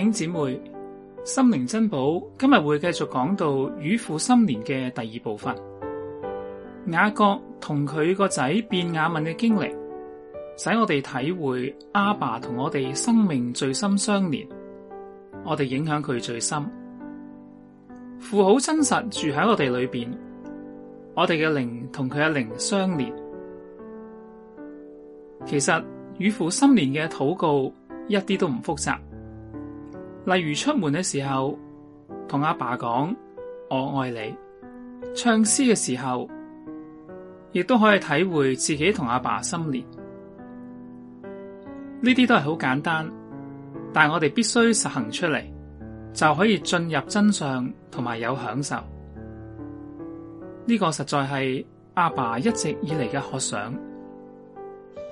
兄姐妹心靈珍寶，今日會繼續講到與父心連嘅第二部分。雅各同佢個仔便雅憫嘅經歷，使我哋體會阿爸同我哋生命最深相連，我哋影響佢最深，父好真實住喺我哋裏邊，我哋嘅靈同佢嘅靈相連。其實與父心連嘅禱告一啲都唔複雜。例如出門嘅時候，同阿爸講我愛你；唱詩嘅時候，亦都可以體會自己同阿爸，爸心連。呢啲都係好簡單，但係我哋必須實行出嚟，就可以進入真相同埋有享受。呢、這個實在係阿爸，爸一直以嚟嘅渴想。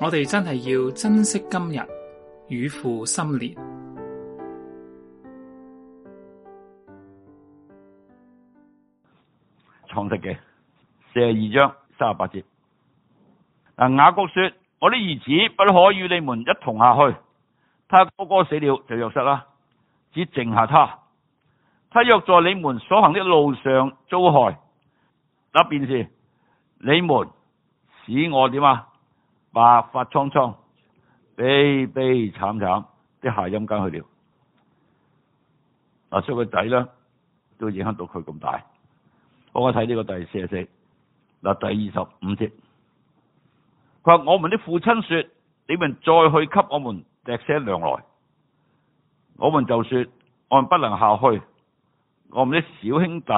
我哋真係要珍惜今日，與父心連。嘅四十二章三十八節。啊雅各說：我的兒子不可與你們一同下去。他哥哥死了就約瑟啦，只剩下他。他若在你們所行的路上遭害。那便是你們使我點啊？白髮蒼蒼、悲悲慘慘的下陰間去了。阿叔個仔呢，都影響到佢咁大。我睇呢個第四十四，嗱第二十五節，佢話：我們的父親說，你們再去給我們糴些糧來，我們就說，我們不能下去。我們的小兄弟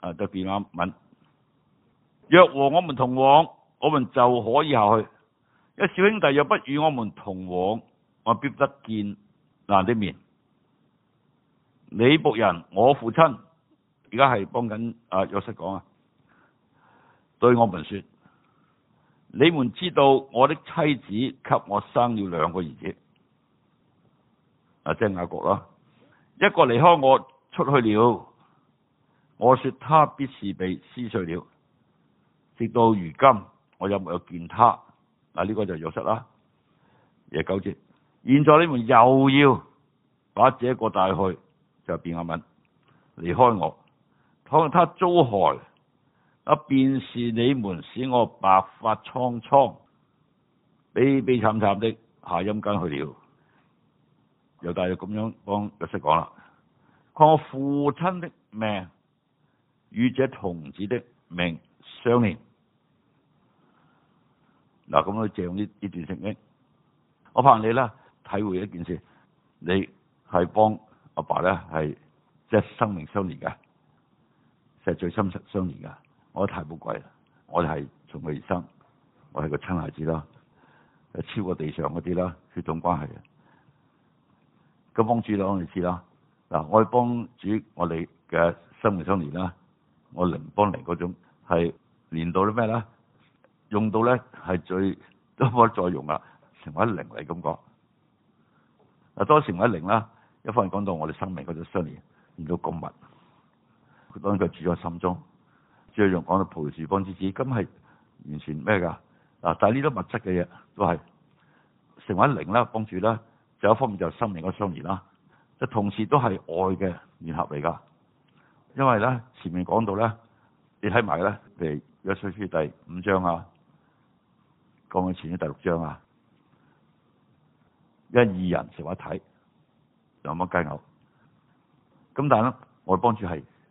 啊，特別啱文，若和我們同往，我們就可以下去，一小兄弟若不與我們同往，我必得見那人的面。你僕人，我父親。而家係幫緊啊！約瑟講啊，對我們説：你們知道我的妻子給我生了兩個兒子，啊，即雅各啦，一個離開我出去了。我説他必是被撕碎了。直到如今，我有沒有見他？嗱、啊，呢、這個就約瑟啦。廿九節，現在你們又要把這個帶去，就便雅憫離開我。可能他遭害，啊！便是你們使我白髮蒼蒼、悲悲慘慘的下陰間去了。又帶咗咁樣幫又識講啦。看我父親的命與這童子的命相連。嗱，咁樣借用呢呢段聖經，我陪你啦，體會一件事，你係幫阿爸咧，係即係生命相連嘅。係最深相連噶，我太寶貴啦！我哋係從佢而生，我係個親孩子啦，係超過地上嗰啲啦，血統關係嘅。個幫主啦，你知啦。嗱，我幫主我哋嘅生命相連啦，我靈幫靈嗰種係連到啲咩咧？用到咧係最都冇得再用啦，成為靈嚟咁講。嗱，當時一靈啦，一方面講到我哋生命嗰種相連，連到咁密。佢當佢住咗心中，最後講到葡萄樹幫之子，咁係完全咩㗎嗱？但係呢啲物質嘅嘢都係成為靈啦，幫助啦，仲有一方面就係心靈嘅相連啦，即同時都係愛嘅聯合嚟㗎。因為咧前面講到咧，你睇埋咧，譬如約書書第五章啊，講緊前一第六章啊，一二人成為一體，兩幫雞牛。咁但係咧，我哋幫助係，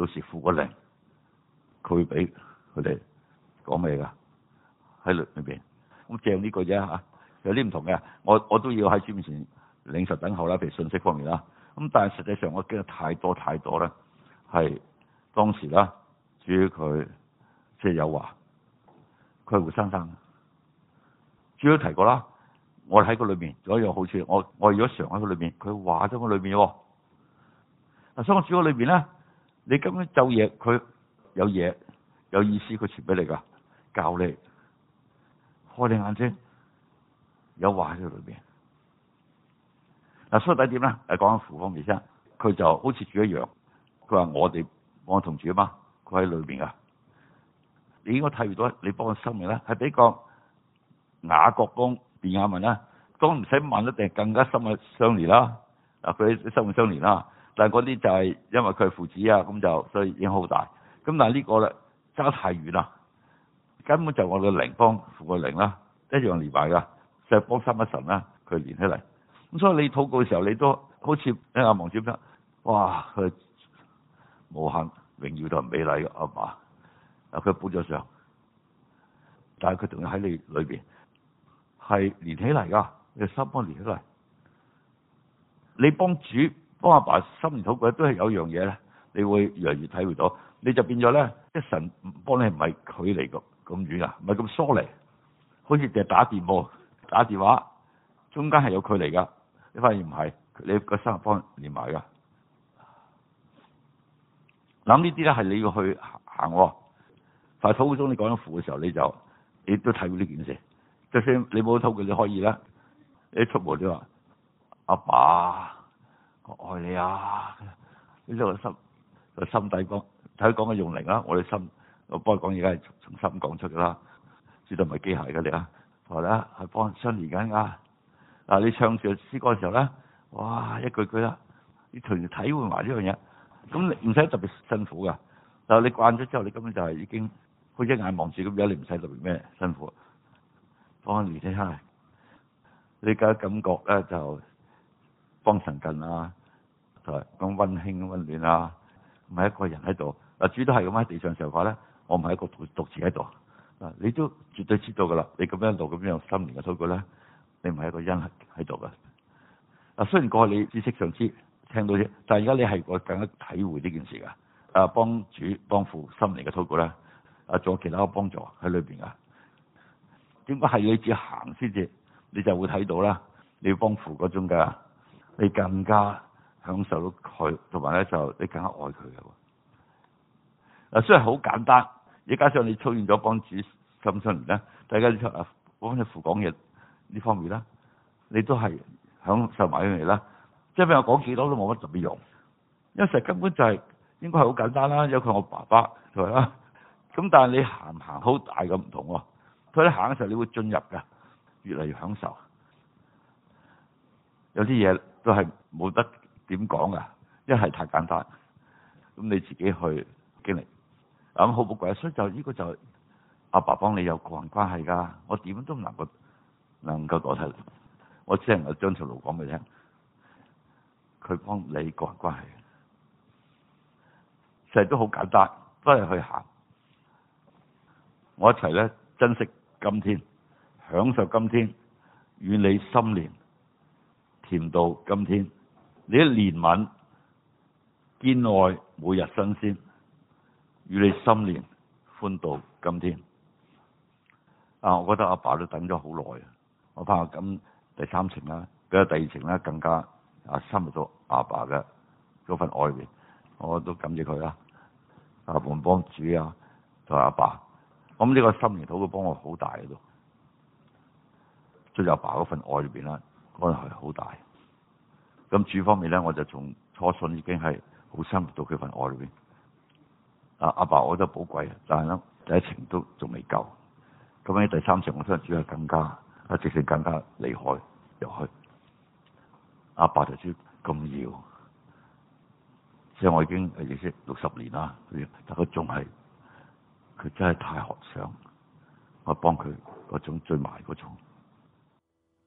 到時付個零，佢會俾佢哋講咩噶喺裏裏邊咁正呢句啫。有啲唔同嘅，我我都要喺主面前領受等候啦，譬如信息方面啦。咁但係實際上我驚得太多太多咧，係當時啦，主佢即係有話，佢係活生生。主要提過啦，我喺個裏面，仲有一樣好處。我我如果常喺個裏面，佢話咗個裏面嗱，所以我住個裏面咧。你根本就嘢，佢有嘢有意思，佢傳俾你噶，教你開你眼睛，有話喺佢裏邊。嗱、啊，所以第、啊、一點咧，誒，講翻父方面先，佢就好似主一樣，佢話我哋我同主啊，佢喺裏邊噶，你應該睇到你幫我生命啦，係比較雅各公便雅憫啦，都唔使萬一定更加深嘅相連啦，嗱、啊，佢生命相連啦。但嗰啲就係因為佢係父子啊，咁就所以影響好大。咁但係呢個咧，差太遠啦，根本就我嘅靈方負嘅靈啦，一樣連埋㗎。石幫三一神啦，佢連起嚟。咁所以你禱告嘅時候，你都好似阿、啊、王主吉，哇，佢無限榮耀同美麗嘅阿爸。啊，佢補咗上，但係佢仲要喺你裏邊係連起嚟㗎。你三幫連起嚟，你幫主。幫阿爸，爸心連肚絞都係有樣嘢咧，你會越嚟越體會到，你就變咗咧。即神幫你唔係距離咁咁遠啊，唔係咁疏離，好似淨係打電報、打電話，中間係有距離㗎。你發現唔係，你個心幫連埋㗎。諗呢啲咧係你要去行喎。但係土屋中你講緊父嘅時候，你就你都睇到呢件事。就算你冇土佢你可以啦。你出門你話阿爸，爸。我愛你啊！呢我心個心底講睇佢講嘅用靈啦，我哋心我幫佢講而家係從心講出噶啦，知道唔係機械噶你啊，係啦係幫相連緊噶。嗱，你唱住詩歌嘅時候咧，哇，一句句啦，你同時體會埋呢樣嘢，咁你唔使特別辛苦噶。但係你慣咗之後，你根本就係已經好似眼望住咁，而家你唔使特別咩辛苦。幫當年咧，你而家感覺咧就幫神近啊！就係咁溫馨咁溫暖啊！唔係一個人喺度，啊主都係咁喺地上上法咧，我唔係一個獨獨自喺度。啊你都絕對知道㗎啦，你咁樣度咁樣有心靈嘅禱告咧，你唔係一個因喺喺度㗎。啊雖然過去你知識上知聽到嘅，但係而家你係更加體會呢件事㗎。啊，幫主幫父心靈嘅禱告呢，啊，仲有其他嘅幫助喺裏面㗎。點解係要你自行先至你就會睇到啦？你要幫父嗰種㗎，你更加～享受到佢，同埋咧就你更加愛佢嘅喎。嗱，雖然好簡單，亦加上你出現咗幫主心信嚟咧，大家出啊幫你扶講嘢呢方面啦，你都係享受埋佢嚟啦。即係譬如我講幾多都冇乜特別用，因為其實根本就係、是、應該係好簡單啦。有佢我爸爸係啦，咁、就是、但係你行唔行好大嘅唔同喎。佢你行嘅時候，你會進入㗎，越嚟越享受。有啲嘢都係冇得。點講啊？一係太簡單，咁你自己去經歷咁、嗯、好唔好鬼？所以就呢、這個就阿爸幫你有個人關係㗎。我點都唔能夠能夠講出嚟，我只能夠將條路講俾你聽。佢幫你個人關係，成日都好簡單，都係去行。我一齊咧珍惜今天，享受今天，與祢心連，甜度今天。你嘅憐憫、堅愛，每日新鮮，與你心連，歡度今天。啊，我覺得阿爸、爸都等咗好耐啊！我怕咁第三程啦，比第二程啦更加啊深入到阿爸嘅嗰份愛面，我都感謝佢啦。阿門。幫主啊，同、就、阿、是、爸、爸，咁呢個心靈禱告嘅幫我好大嘅都，即係阿爸嗰份愛入邊啦，可能係好大。咁主方面咧，我就從初信已經係好深入到佢份愛裏面。啊，阿爸，爸我都寶貴，但係咧第一程都仲未夠。咁喺第三程，我真係主係更加，更加啊，直程更加厲害入去。阿爸就知咁要，即係我已經認識六十年啦。但佢仲係，佢真係太學想，我幫佢嗰種最埋嗰種。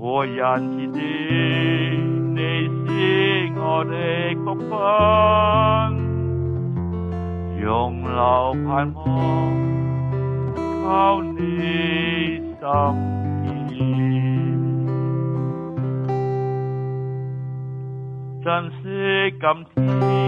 活人之地，你是我的福分，湧流盼望，靠你心堅，珍惜今天。真是感